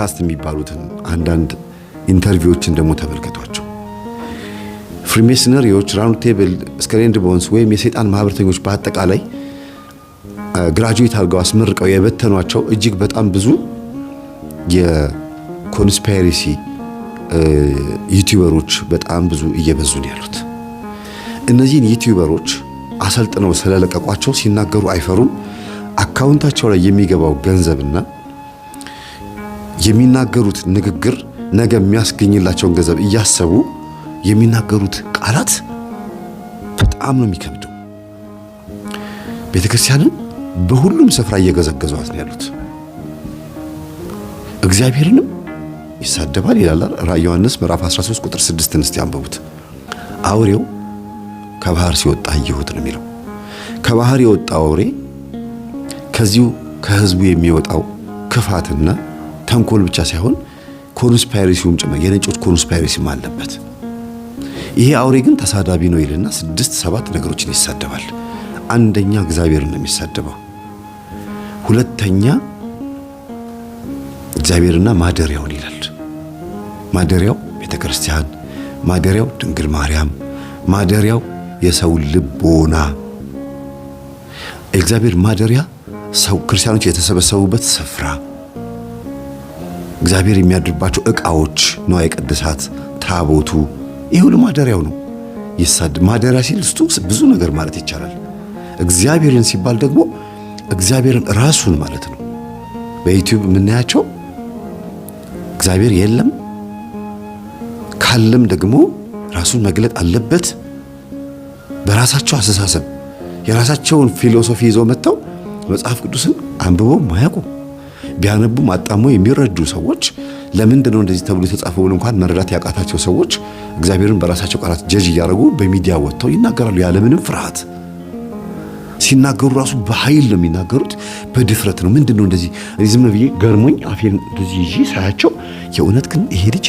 ፖድካስት የሚባሉትን አንዳንድ ኢንተርቪዎችን ደግሞ ተመልከቷቸው። ፍሪሜስነሪዎች፣ ራውንድ ቴብል፣ ስከሌንድ ቦንስ ወይም የሰይጣን ማህበርተኞች በአጠቃላይ ግራጁዌት አድርገው አስመርቀው የበተኗቸው እጅግ በጣም ብዙ የኮንስፓይሪሲ ዩቲዩበሮች በጣም ብዙ እየበዙ ነው ያሉት። እነዚህን ዩቲዩበሮች አሰልጥነው ስለለቀቋቸው ሲናገሩ አይፈሩም። አካውንታቸው ላይ የሚገባው ገንዘብና የሚናገሩት ንግግር ነገ የሚያስገኝላቸውን ገንዘብ እያሰቡ የሚናገሩት ቃላት በጣም ነው የሚከብደው። ቤተክርስቲያንን በሁሉም ስፍራ እየገዘገዟት ነው ያሉት። እግዚአብሔርንም ይሳደባል ይላል ራዕየ ዮሐንስ ምዕራፍ 13 ቁጥር 6ን አንብቡት። አውሬው ከባህር ሲወጣ አየሁት ነው የሚለው። ከባህር የወጣው አውሬ ከዚሁ ከህዝቡ የሚወጣው ክፋትና ተንኮል ብቻ ሳይሆን ኮንስፓይሬሲውም ጭምር የነጮች ኮንስፓይሬሲም አለበት። ይሄ አውሬ ግን ተሳዳቢ ነው ይልና ስድስት ሰባት ነገሮችን ይሳደባል። አንደኛ እግዚአብሔርን ነው የሚሳደበው። ሁለተኛ እግዚአብሔርና ማደሪያውን ይላል። ማደሪያው ቤተ ክርስቲያን፣ ማደሪያው ድንግል ማርያም፣ ማደሪያው የሰው ልቦና። እግዚአብሔር ማደሪያ ሰው ክርስቲያኖች የተሰበሰቡበት ስፍራ እግዚአብሔር የሚያድርባቸው እቃዎች ነው ቅድሳት፣ ታቦቱ ይህ ሁሉ ማደሪያው ነው። ይሳድ ማደሪያ ሲል ውስጡ ብዙ ነገር ማለት ይቻላል። እግዚአብሔርን ሲባል ደግሞ እግዚአብሔርን ራሱን ማለት ነው። በዩቲዩብ የምናያቸው እግዚአብሔር የለም ካለም ደግሞ ራሱን መግለጥ አለበት። በራሳቸው አስተሳሰብ የራሳቸውን ፊሎሶፊ ይዘው መጥተው መጽሐፍ ቅዱስን አንብቦ ማያውቁ ቢያነቡም አጣመው የሚረዱ ሰዎች ለምንድን ነው እንደዚህ ተብሎ የተጻፈው ብሎ እንኳን መረዳት ያቃታቸው ሰዎች እግዚአብሔርን በራሳቸው ቃላት ጀጅ እያደረጉ በሚዲያ ወጥተው ይናገራሉ ያለምንም ፍርሃት። ሲናገሩ ራሱ በኃይል ነው የሚናገሩት፣ በድፍረት ነው። ምንድን ነው እንደዚህ ዝም ብዬ ገርሞኝ አፌን እንደዚህ ይዤ ሳያቸው፣ የእውነት ግን ይሄ ልጅ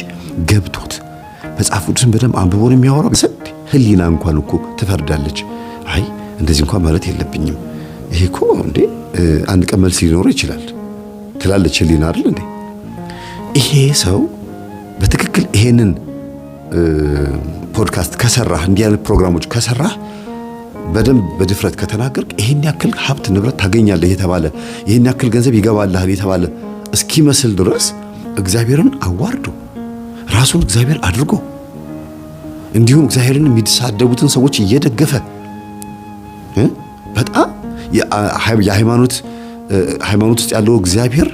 ገብቶት መጽሐፍ ቅዱስን በደንብ አንብቦ ነው የሚያወራው። ስድ ህሊና እንኳን እኮ ትፈርዳለች። አይ እንደዚህ እንኳን ማለት የለብኝም ይሄ እኮ እንዴ አንድ ቀን መልስ ሊኖረው ይችላል ትላለች ህሊና አይደል እንዴ? ይሄ ሰው በትክክል ይሄንን ፖድካስት ከሰራህ እንዲህ አይነት ፕሮግራሞች ከሰራህ በደንብ በድፍረት ከተናገርክ ይሄን ያክል ሀብት ንብረት ታገኛለህ የተባለ ይሄን ያክል ገንዘብ ይገባልሃል የተባለ እስኪመስል ድረስ እግዚአብሔርን አዋርዶ ራሱን እግዚአብሔር አድርጎ እንዲሁም እግዚአብሔርን የሚሳደቡትን ሰዎች እየደገፈ በጣም የሃይማኖት ሃይማኖት ውስጥ ያለው እግዚአብሔር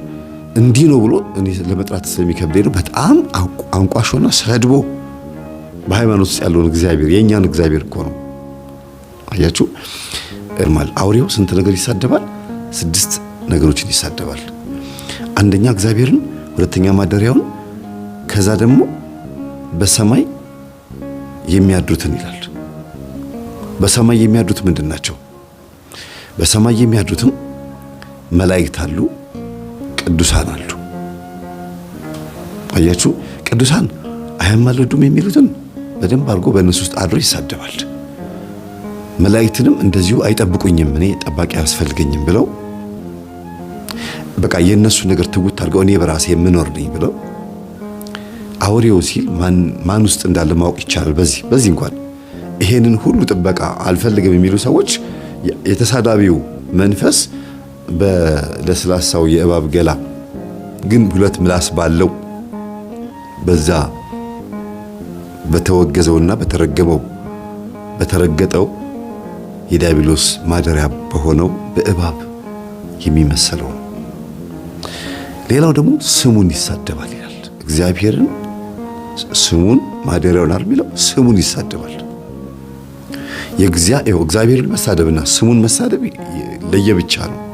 እንዲህ ነው ብሎ እኔ ለመጥራት ስለሚከብደኝ ነው። በጣም አንቋሾና ሰድቦ በሃይማኖት ውስጥ ያለውን እግዚአብሔር የእኛን እግዚአብሔር እኮ ነው። አያችሁ እርማል አውሬው ስንት ነገር ይሳደባል። ስድስት ነገሮችን ይሳደባል። አንደኛ እግዚአብሔርን፣ ሁለተኛ ማደሪያውን፣ ከዛ ደግሞ በሰማይ የሚያድሩትን ይላል። በሰማይ የሚያድሩት ምንድን ናቸው? በሰማይ የሚያድሩትም መላእክት አሉ፣ ቅዱሳን አሉ። አያችሁ፣ ቅዱሳን አያማልዱም የሚሉትን በደንብ አድርጎ በእነሱ ውስጥ አድሮ ይሳደባል። መላእክትንም እንደዚሁ አይጠብቁኝም፣ እኔ ጠባቂ አያስፈልገኝም ብለው በቃ የእነሱ ነገር ትውት አድርገው እኔ በራሴ የምኖር ነኝ ብለው አውሬው ሲል ማን ውስጥ እንዳለ ማወቅ ይቻላል። በዚህ በዚህ እንኳን ይሄንን ሁሉ ጥበቃ አልፈልግም የሚሉ ሰዎች የተሳዳቢው መንፈስ በለስላሳው የእባብ ገላ ግን ሁለት ምላስ ባለው በዛ በተወገዘውና በተረገመው በተረገጠው የዲያብሎስ ማደሪያ በሆነው በእባብ የሚመሰለው ነው። ሌላው ደግሞ ስሙን ይሳደባል ይላል። እግዚአብሔርን ስሙን ማደሪያውን አር የሚለው ስሙን ይሳደባል። የእግዚአብሔርን መሳደብና ስሙን መሳደብ ለየብቻ ነው።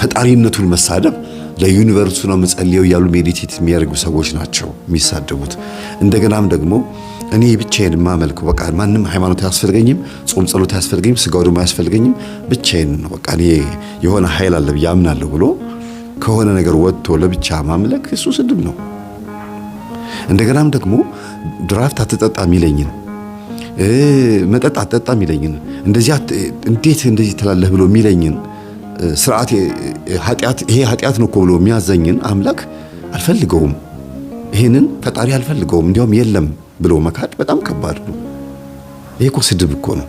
ፈጣሪነቱን መሳደብ ለዩኒቨርሱ ነው መጸልየው እያሉ ሜዲቴት የሚያደርጉ ሰዎች ናቸው የሚሳደቡት። እንደገናም ደግሞ እኔ ብቻዬን የማመልከው በቃ ማንም ሃይማኖት አያስፈልገኝም፣ ጾም ጸሎት አያስፈልገኝም፣ ስጋ ደግሞ አያስፈልገኝም፣ ብቻዬን ነው በቃ እኔ የሆነ ኃይል አለ ብዬ አምናለሁ ብሎ ከሆነ ነገር ወጥቶ ለብቻ ማምለክ እሱ ስድብ ነው። እንደገናም ደግሞ ድራፍት አትጠጣ የሚለኝን መጠጥ አትጠጣ የሚለኝን እንደዚህ እንዴት እንደዚህ ትላለህ ብሎ የሚለኝን ስርዓት ይሄ ኃጢአት ነው እኮ ብሎ የሚያዘኝን አምላክ አልፈልገውም። ይህንን ፈጣሪ አልፈልገውም፣ እንዲያውም የለም ብሎ መካድ በጣም ከባድ ነው። ይህ እኮ ስድብ እኮ ነው።